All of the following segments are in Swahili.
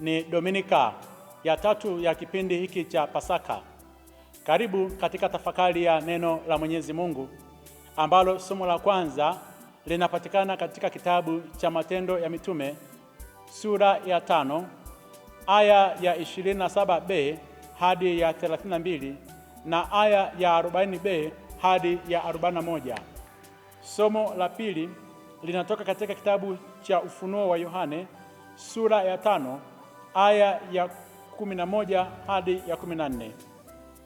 ni Dominika ya tatu ya kipindi hiki cha Pasaka. Karibu katika tafakari ya neno la Mwenyezi Mungu ambalo somo la kwanza linapatikana katika kitabu cha Matendo ya Mitume sura ya tano aya ya 27b hadi ya 32 na aya ya 40b hadi ya 41. Somo la pili linatoka katika kitabu cha Ufunuo wa Yohane sura ya tano aya ya 11 hadi ya 14,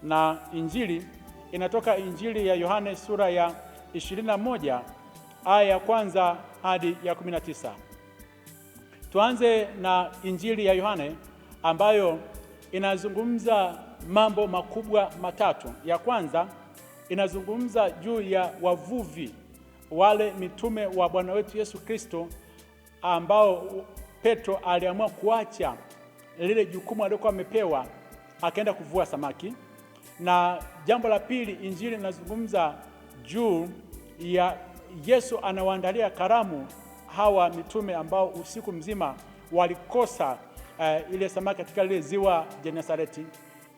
na injili inatoka Injili ya Yohane sura ya 21 aya ya kwanza hadi ya 19. Tuanze na Injili ya Yohane ambayo inazungumza mambo makubwa matatu. Ya kwanza inazungumza juu ya wavuvi wale mitume wa Bwana wetu Yesu Kristo ambao Petro aliamua kuacha lile jukumu alilokuwa amepewa, akaenda kuvua samaki. Na jambo la pili, injili inazungumza juu ya Yesu anawaandalia karamu hawa mitume ambao usiku mzima walikosa uh, ile samaki katika lile ziwa Genesareti.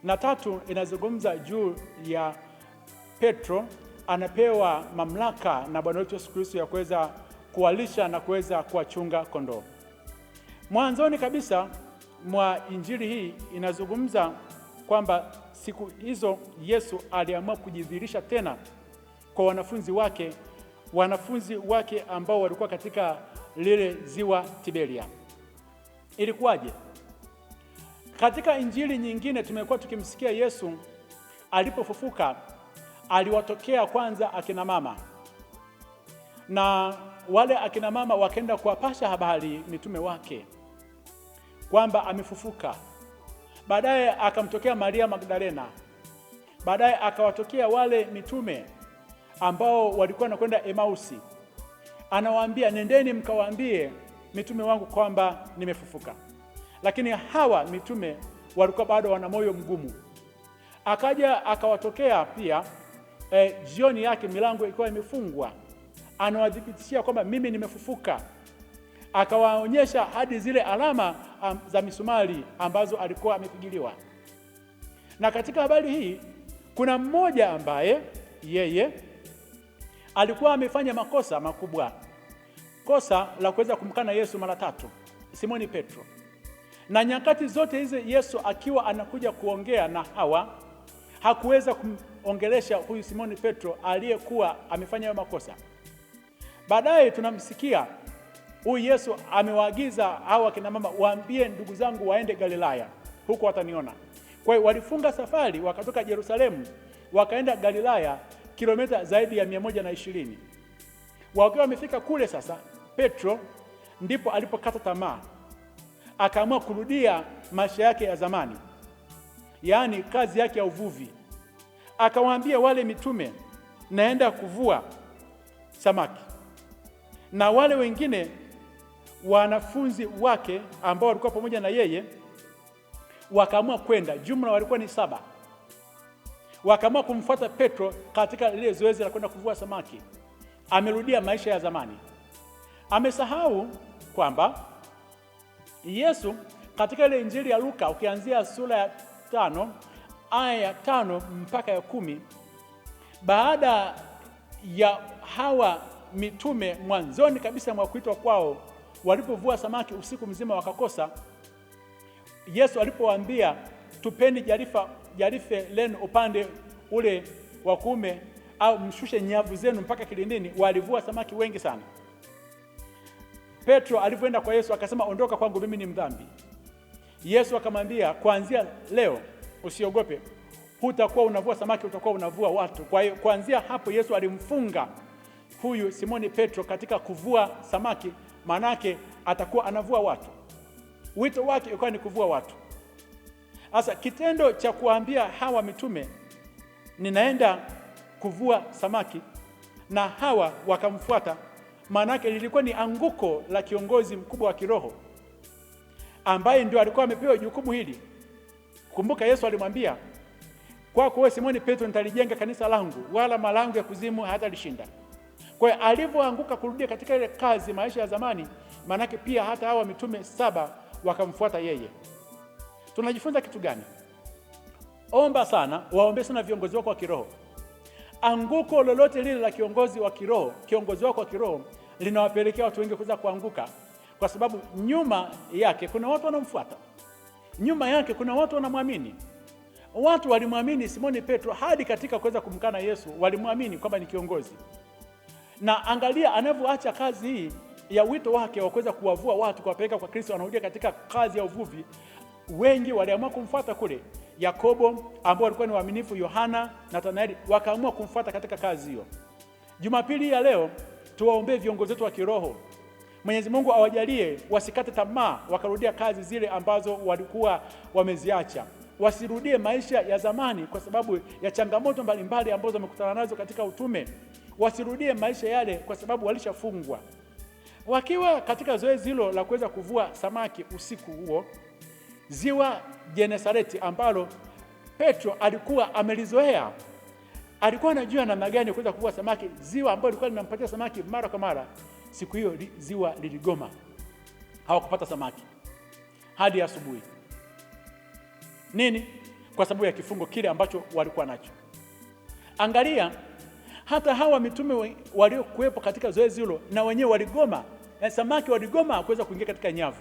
Na tatu, inazungumza juu ya Petro anapewa mamlaka na Bwana wetu Yesu Kristo ya kuweza kuwalisha na kuweza kuwachunga kondoo. Mwanzoni kabisa mwa injili hii inazungumza kwamba siku hizo Yesu aliamua kujidhihirisha tena kwa wanafunzi wake, wanafunzi wake ambao walikuwa katika lile ziwa Tiberia. Ilikuwaje? Katika injili nyingine tumekuwa tukimsikia Yesu alipofufuka aliwatokea kwanza akina mama, na wale akina mama wakaenda kuwapasha habari mitume wake kwamba amefufuka. Baadaye akamtokea Maria Magdalena, baadaye akawatokea wale mitume ambao walikuwa wanakwenda Emausi. Anawaambia, nendeni mkawaambie mitume wangu kwamba nimefufuka. Lakini hawa mitume walikuwa bado wana moyo mgumu. Akaja akawatokea pia eh, jioni yake milango ikiwa imefungwa, anawadhibitishia kwamba mimi nimefufuka akawaonyesha hadi zile alama za misumari ambazo alikuwa amepigiliwa. Na katika habari hii kuna mmoja ambaye yeye alikuwa amefanya makosa makubwa, kosa la kuweza kumkana Yesu mara tatu, Simoni Petro. Na nyakati zote hizi Yesu akiwa anakuja kuongea na hawa hakuweza kumongelesha huyu Simoni Petro aliyekuwa amefanya hayo makosa. Baadaye tunamsikia Huyu Yesu amewaagiza hao akina mama, waambie ndugu zangu waende Galilaya, huko wataniona. Kwa hiyo walifunga safari, wakatoka Yerusalemu wakaenda Galilaya, kilomita zaidi ya mia moja na ishirini. Wakiwa wamefika kule sasa, Petro ndipo alipokata tamaa, akaamua kurudia maisha yake ya zamani, yaani kazi yake ya uvuvi. Akawaambia wale mitume, naenda kuvua samaki, na wale wengine wanafunzi wake ambao walikuwa pamoja na yeye wakaamua kwenda, jumla walikuwa ni saba, wakaamua kumfuata Petro katika lile zoezi la kwenda kuvua samaki. Amerudia maisha ya zamani, amesahau kwamba Yesu katika ile Injili ya Luka ukianzia sura ya tano aya ya tano mpaka ya kumi baada ya hawa mitume mwanzoni kabisa mwa kuitwa kwao walipovua samaki usiku mzima wakakosa. Yesu alipowaambia tupeni jarifa, jarife lenu upande ule wa kuume au mshushe nyavu zenu mpaka kilindini, walivua samaki wengi sana. Petro alivyoenda kwa Yesu akasema, ondoka kwangu, mimi ni mdhambi. Yesu akamwambia, kuanzia leo usiogope, hutakuwa unavua samaki, utakuwa unavua watu. Kwa hiyo kuanzia hapo Yesu alimfunga huyu Simoni Petro katika kuvua samaki yake atakuwa anavua watu. Wito wake ulikuwa ni kuvua watu. Sasa kitendo cha kuambia hawa mitume ninaenda kuvua samaki na hawa wakamfuata, yake lilikuwa ni anguko la kiongozi mkubwa wa kiroho ambaye ndio alikuwa amepewa jukumu hili. Kumbuka Yesu alimwambia kwako wewe Simoni Petro, nitalijenga kanisa langu, wala malango ya kuzimu hata lishinda. Kwa hiyo alivyoanguka kurudia katika ile kazi maisha ya zamani, maanake pia hata hawa mitume saba wakamfuata yeye. Tunajifunza kitu gani? Omba sana, waombe sana viongozi wako wa kiroho. Anguko lolote lile la kiongozi wa kiroho, kiongozi wako wa kiroho linawapelekea watu wengi kuweza kuanguka, kwa sababu nyuma yake kuna watu wanamfuata, nyuma yake kuna watu wanamwamini. Watu walimwamini Simoni Petro hadi katika kuweza kumkana Yesu, walimwamini kwamba ni kiongozi na angalia anavyoacha kazi hii ya wito wake wa kuweza kuwavua watu kuwapeleka kwa Kristo, anarudia katika kazi ya uvuvi. Wengi waliamua kumfuata kule. Yakobo ambao walikuwa ni waaminifu, Yohana, Nathanaeli wakaamua kumfuata katika kazi hiyo. Jumapili ya leo tuwaombee viongozi wetu wa kiroho. Mwenyezi Mungu awajalie wasikate tamaa, wakarudia kazi zile ambazo walikuwa wameziacha, wasirudie maisha ya zamani kwa sababu ya changamoto mbalimbali ambazo wamekutana nazo katika utume wasirudie maisha yale, kwa sababu walishafungwa. Wakiwa katika zoezi hilo la kuweza kuvua samaki usiku huo, ziwa Genesareti ambalo Petro alikuwa amelizoea, alikuwa anajua namna gani kuweza kuvua samaki, ziwa ambalo lilikuwa linampatia samaki mara kwa mara. Siku hiyo ziwa liligoma, hawakupata samaki hadi asubuhi. Nini? Kwa sababu ya kifungo kile ambacho walikuwa nacho. Angalia hata hawa mitume waliokuwepo katika zoezi hilo na wenyewe waligoma, na eh, samaki waligoma kuweza kuingia katika nyavu.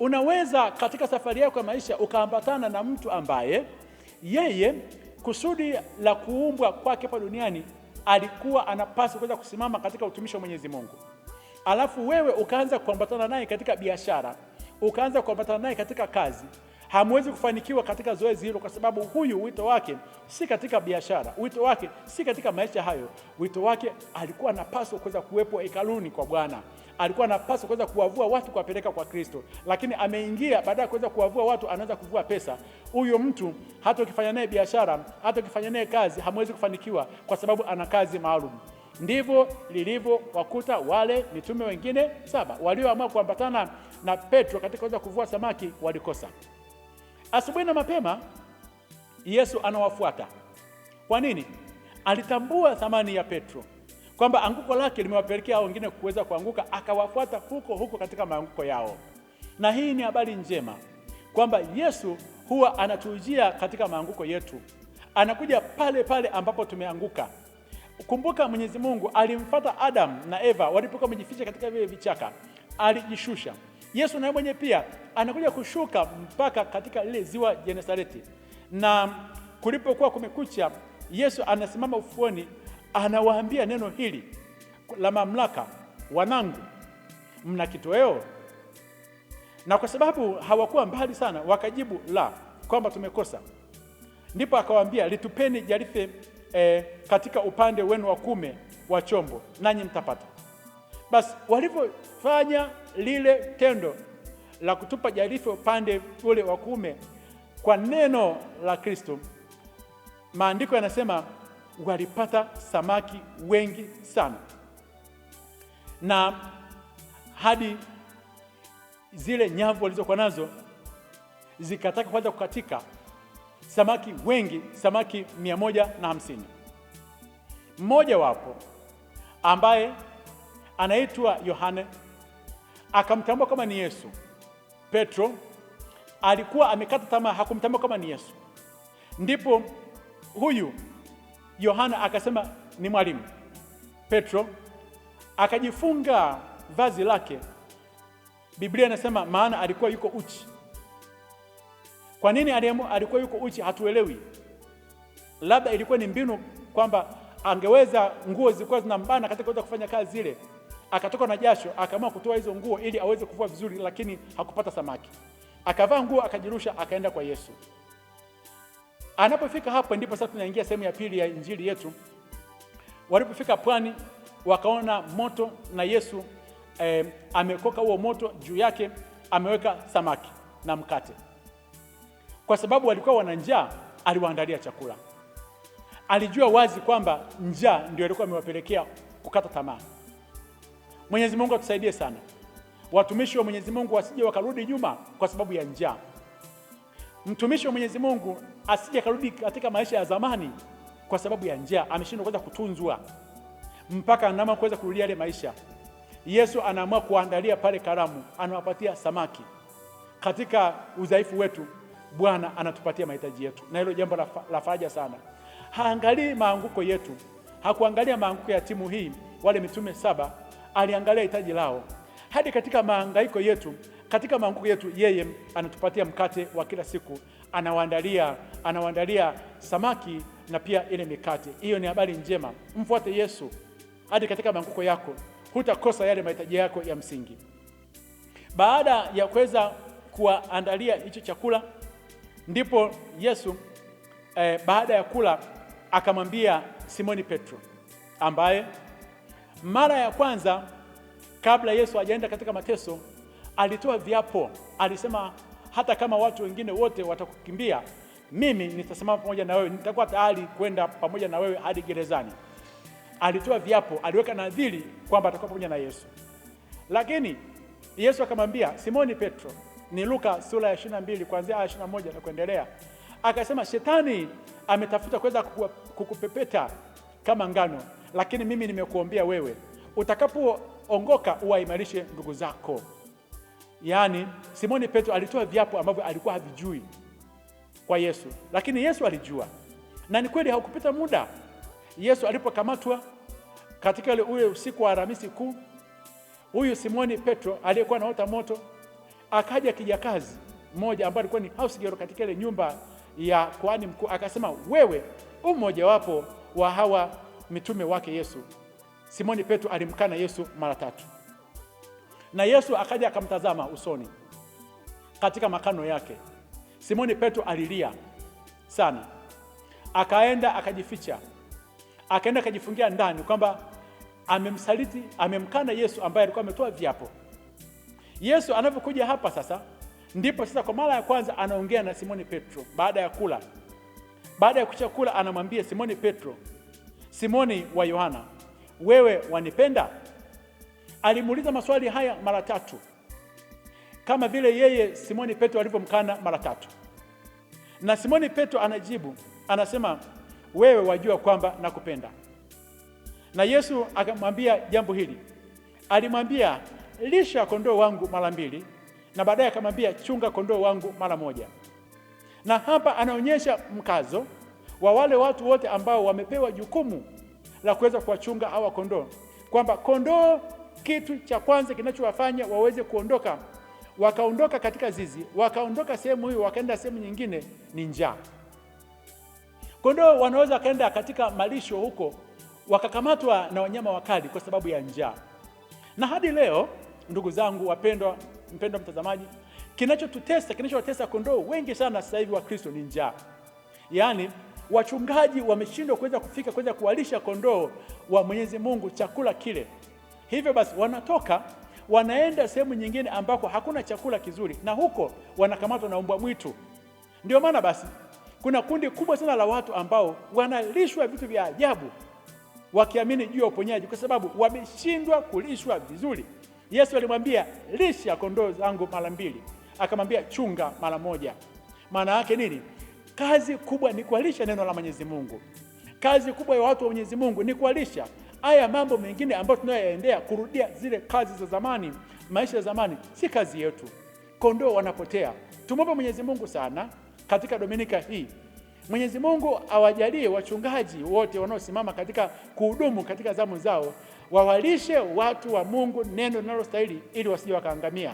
Unaweza katika safari yako ya maisha ukaambatana na mtu ambaye yeye kusudi la kuumbwa kwake hapa duniani alikuwa anapaswa kuweza kusimama katika utumishi wa Mwenyezi Mungu, alafu wewe ukaanza kuambatana naye katika biashara, ukaanza kuambatana naye katika kazi hamwezi kufanikiwa katika zoezi hilo, kwa sababu huyu wito wake si katika biashara, wito wake si katika maisha hayo. Wito wake alikuwa anapaswa kuweza kuwepo hekaluni kwa Bwana, alikuwa anapaswa kuweza kuwavua watu kuwapeleka kwa Kristo, lakini ameingia baada ya kuweza kuwavua watu, anaweza kuvua pesa. Huyu mtu hata ukifanya naye biashara, hata ukifanya naye kazi, hamwezi kufanikiwa, kwa sababu ana kazi maalum. Ndivyo lilivyo wakuta wale mitume wengine saba walioamua kuambatana na Petro katika kuweza kuvua samaki, walikosa. Asubuhi na mapema Yesu anawafuata. Kwa nini? Alitambua thamani ya Petro, kwamba anguko lake limewapelekea hao wengine kuweza kuanguka, akawafuata huko huko katika maanguko yao. Na hii ni habari njema kwamba Yesu huwa anatujia katika maanguko yetu, anakuja pale pale ambapo tumeanguka. Kumbuka Mwenyezi Mungu alimfata Adamu na Eva walipokuwa wamejificha katika vile vichaka, alijishusha Yesu naye mwenye pia anakuja kushuka mpaka katika lile ziwa Genesareti, na kulipokuwa kumekucha, Yesu anasimama ufuoni, anawaambia neno hili la mamlaka, wanangu, mna kitoweo? Na kwa sababu hawakuwa mbali sana, wakajibu la, kwamba tumekosa. Ndipo akawaambia litupeni jarife eh, katika upande wenu wa kume wa chombo, nanyi mtapata. Basi walipofanya lile tendo la kutupa jarife upande ule wa kuume kwa neno la Kristo, maandiko yanasema walipata samaki wengi sana, na hadi zile nyavu walizokuwa nazo zikataka kwanza kukatika, samaki wengi, samaki mia moja na hamsini. Mmoja wapo ambaye anaitwa Yohane, akamtambua kama ni Yesu. Petro alikuwa amekata tamaa, hakumtambua kama ni Yesu. Ndipo huyu Yohana akasema ni mwalimu. Petro akajifunga vazi lake. Biblia inasema maana alikuwa yuko uchi. Kwa nini alikuwa yuko uchi? Hatuelewi, labda ilikuwa ni mbinu kwamba angeweza, nguo zilikuwa zinambana katika kuweza kufanya kazi zile akatoka na jasho, akaamua kutoa hizo nguo ili aweze kuvua vizuri, lakini hakupata samaki. Akavaa nguo akajirusha, akaenda kwa Yesu. Anapofika hapo, ndipo sasa tunaingia sehemu ya pili ya injili yetu. Walipofika pwani, wakaona moto na Yesu eh, amekoka huo moto, juu yake ameweka samaki na mkate. Kwa sababu walikuwa wana njaa, aliwaandalia chakula. Alijua wazi kwamba njaa ndio ilikuwa imewapelekea kukata tamaa. Mwenyezi Mungu atusaidie sana, watumishi wa Mwenyezi Mungu wasije wakarudi nyuma kwa sababu ya njaa. Mtumishi wa Mwenyezi Mungu asije akarudi katika maisha ya zamani kwa sababu ya njaa, ameshindwa kuweza kutunzwa mpaka anaamua kuweza kurudia yale maisha. Yesu anaamua kuandalia pale karamu, anawapatia samaki. Katika udhaifu wetu Bwana anatupatia mahitaji yetu, na hilo jambo la faraja sana. Haangalii maanguko yetu, hakuangalia maanguko ya timu hii, wale mitume saba aliangalia hitaji lao. Hadi katika maangaiko yetu, katika maanguko yetu, yeye anatupatia mkate wa kila siku, anawaandalia anawaandalia samaki na pia ile mikate. Hiyo ni habari njema. Mfuate Yesu hadi katika maanguko yako, hutakosa yale mahitaji yako ya msingi. Baada ya kuweza kuwaandalia hicho chakula, ndipo Yesu eh, baada ya kula akamwambia Simoni Petro ambaye mara ya kwanza kabla Yesu hajaenda katika mateso, alitoa viapo, alisema hata kama watu wengine wote watakukimbia, mimi nitasimama pamoja na wewe, nitakuwa tayari kwenda pamoja na wewe hadi gerezani. Alitoa viapo, aliweka nadhiri kwamba atakuwa pamoja na Yesu. Lakini Yesu akamwambia Simoni Petro, ni Luka sura ya 22 kuanzia aya 21 na kuendelea, akasema, shetani ametafuta kuweza kukupepeta kama ngano lakini mimi nimekuombea wewe utakapoongoka uwaimarishe ndugu zako. Yaani, Simoni Petro alitoa viapo ambavyo alikuwa havijui kwa Yesu, lakini Yesu alijua, na ni kweli haukupita muda Yesu alipokamatwa katika ule usiku wa Alhamisi Kuu, huyu Simoni Petro aliyekuwa naota moto, akaja kijakazi mmoja ambaye alikuwa ni hausigero katika ile nyumba ya kuhani mkuu, akasema, wewe u wa hawa mitume wake Yesu. Simoni Petro alimkana Yesu mara tatu, na Yesu akaja akamtazama usoni katika makano yake. Simoni Petro alilia sana, akaenda akajificha, akaenda akajifungia ndani kwamba amemsaliti, amemkana Yesu ambaye alikuwa ametoa viapo. Yesu anapokuja hapa sasa, ndipo sasa kwa mara ya kwanza anaongea na Simoni Petro baada ya kula. Baada ya kuchakula, anamwambia Simoni Petro Simoni wa Yohana, wewe wanipenda? Alimuuliza maswali haya mara tatu, kama vile yeye Simoni Petro alivyomkana mara tatu. Na Simoni Petro anajibu anasema, wewe wajua kwamba nakupenda. Na Yesu akamwambia jambo hili, alimwambia lisha kondoo wangu mara mbili, na baadaye akamwambia chunga kondoo wangu mara moja. Na hapa anaonyesha mkazo wa wale watu wote ambao wamepewa jukumu la kuweza kuwachunga hawa kondoo, kwamba kondoo, kitu cha kwanza kinachowafanya waweze kuondoka, wakaondoka katika zizi, wakaondoka sehemu hiyo, wakaenda sehemu nyingine, ni njaa. Kondoo wanaweza wakaenda katika malisho huko wakakamatwa na wanyama wakali kwa sababu ya njaa. Na hadi leo, ndugu zangu wapendwa, mpendwa mtazamaji, kinachotutesa kinachowatesa kondoo wengi sana sasa hivi wa Kristo ni njaa, yaani wachungaji wameshindwa kuweza kufika kuweza kuwalisha kondoo wa Mwenyezi Mungu chakula kile. Hivyo basi wanatoka wanaenda sehemu nyingine ambako hakuna chakula kizuri, na huko wanakamatwa na mbwa mwitu. Ndio maana basi kuna kundi kubwa sana la watu ambao wanalishwa vitu vya ajabu wakiamini juu ya uponyaji, kwa sababu wameshindwa kulishwa vizuri. Yesu alimwambia lisha kondoo zangu mara mbili, akamwambia chunga mara moja. Maana yake nini? Kazi kubwa ni kualisha neno la Mwenyezi Mungu. Kazi kubwa ya watu wa Mwenyezi Mungu ni kualisha haya mambo mengine ambayo tunayoendea, kurudia zile kazi za zamani, maisha ya zamani, si kazi yetu. Kondoo wanapotea. Tumwombe Mwenyezi Mungu sana katika dominika hii Mwenyezi Mungu awajalie wachungaji wote wanaosimama katika kuhudumu katika zamu zao, wawalishe watu wa Mungu neno linalostahili, ili wasije wakaangamia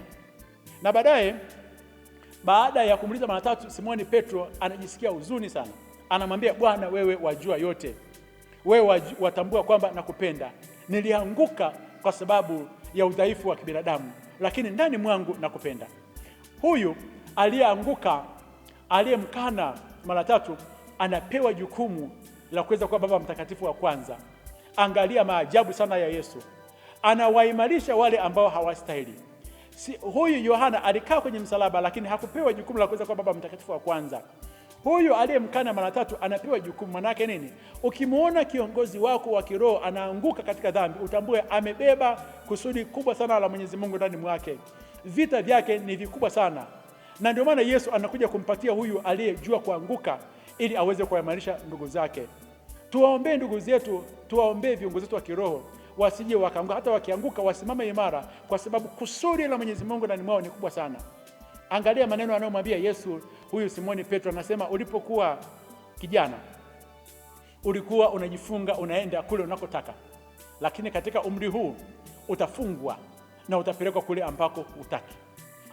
na baadaye baada ya kumuuliza mara tatu, Simoni Petro anajisikia huzuni sana, anamwambia Bwana, wewe wajua yote, wewe watambua kwamba nakupenda. Nilianguka kwa sababu ya udhaifu wa kibinadamu, lakini ndani mwangu nakupenda. Huyu aliyeanguka aliyemkana mara tatu anapewa jukumu la kuweza kuwa baba mtakatifu wa kwanza. Angalia maajabu sana ya Yesu, anawaimarisha wale ambao hawastahili. Si, huyu Yohana alikaa kwenye msalaba lakini hakupewa jukumu la kuweza kuwa baba mtakatifu wa kwanza. Huyu aliyemkana mara tatu anapewa jukumu. Manake nini? Ukimwona kiongozi wako wa kiroho anaanguka katika dhambi, utambue amebeba kusudi kubwa sana la Mwenyezi Mungu ndani mwake. Vita vyake ni vikubwa sana, na ndio maana Yesu anakuja kumpatia huyu aliyejua kuanguka ili aweze kuwaimarisha ndugu zake. Tuwaombee ndugu zetu, tuwaombee viongozi wetu wa kiroho wasije wakaanguka, hata wakianguka wasimame imara, kwa sababu kusudi la Mwenyezi Mungu ndani mwao ni kubwa sana. Angalia maneno anayomwambia Yesu huyu Simoni Petro, anasema ulipokuwa kijana ulikuwa unajifunga unaenda kule unakotaka, lakini katika umri huu utafungwa na utapelekwa kule ambako hutaki.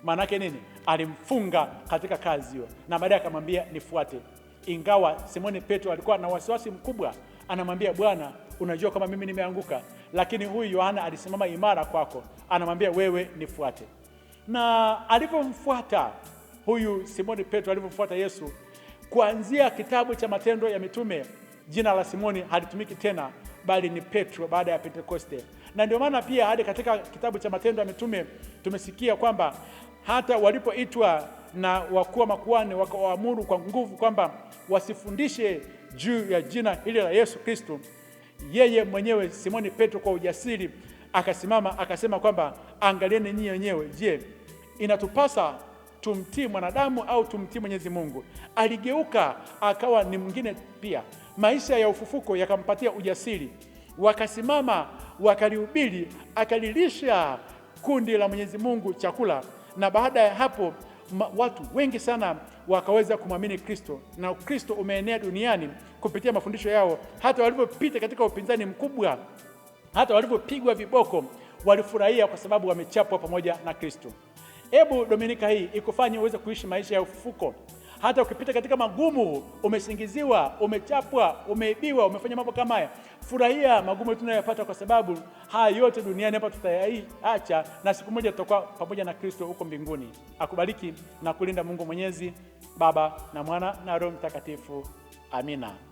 Maana yake nini? Alimfunga katika kazi hiyo, na baadaye akamwambia nifuate. Ingawa Simoni Petro alikuwa na wasiwasi mkubwa anamwambia Bwana, unajua kama mimi nimeanguka, lakini huyu Yohana alisimama imara kwako, anamwambia wewe nifuate. Na alivyomfuata huyu Simoni Petro, alivyomfuata Yesu, kuanzia kitabu cha Matendo ya Mitume jina la Simoni halitumiki tena, bali ni Petro baada ya Pentekoste. Na ndio maana pia hadi katika kitabu cha Matendo ya Mitume tumesikia kwamba hata walipoitwa na wakuu wa makuhani wakawaamuru kwa nguvu kwamba wasifundishe juu ya jina hili la Yesu Kristo, yeye mwenyewe Simoni Petro kwa ujasiri akasimama akasema kwamba angalieni nyinyi wenyewe, je, inatupasa tumtii mwanadamu au tumtii Mwenyezi Mungu? Aligeuka akawa ni mwingine pia. Maisha ya ufufuko yakampatia ujasiri, wakasimama wakalihubiri, akalilisha kundi la Mwenyezi Mungu chakula na baada ya hapo ma, watu wengi sana wakaweza kumwamini Kristo na Kristo umeenea duniani kupitia mafundisho yao. Hata walivyopita katika upinzani mkubwa, hata walivyopigwa viboko, walifurahia kwa sababu wamechapwa pamoja na Kristo. Hebu Dominika hii ikufanye uweze kuishi maisha ya ufufuko. Hata ukipita katika magumu, umesingiziwa, umechapwa, umeibiwa, umefanya mambo kama haya, furahia magumu tunayopata, kwa sababu haya yote duniani hapa tutayaacha, na siku moja tutakuwa pamoja na Kristo huko mbinguni. Akubariki na kulinda Mungu Mwenyezi, Baba na Mwana na Roho Mtakatifu. Amina.